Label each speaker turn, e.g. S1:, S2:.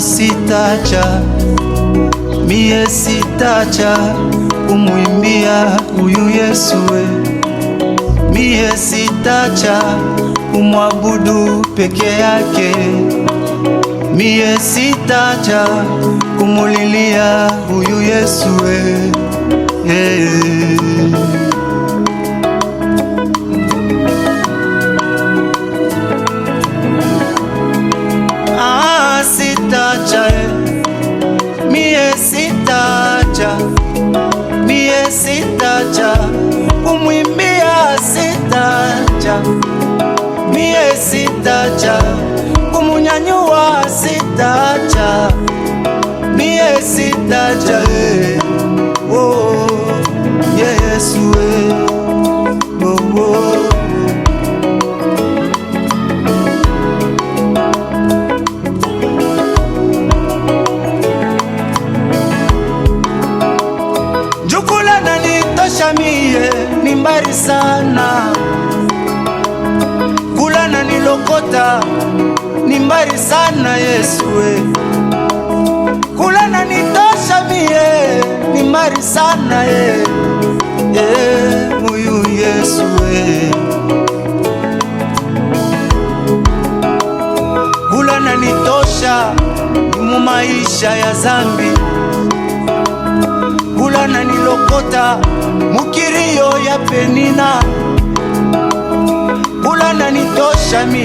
S1: sitacha, mie sitacha kumwimbia huyu Yesu we, mie sitacha kumwabudu peke yake, mie sitacha kumulilia huyu Yesu we hey. sitacha, mie sitacha, kumunyanyua sitacha, mie sitacha, eh. oh, Yesu we, eh. oh, oh. Jukula na nitosha mie, ni mbali sana sana Yesu we, kula na nitosha mie, ni mari sana ye, ye muyu Yesu we, kula na nitosha mu maisha ya zambi, kula na nilokota mukirio ya penina